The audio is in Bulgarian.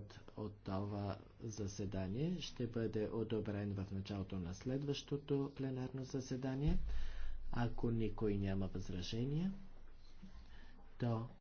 докладът от това заседание ще бъде одобрен в началото на следващото пленарно заседание. Ако никой няма възражения, то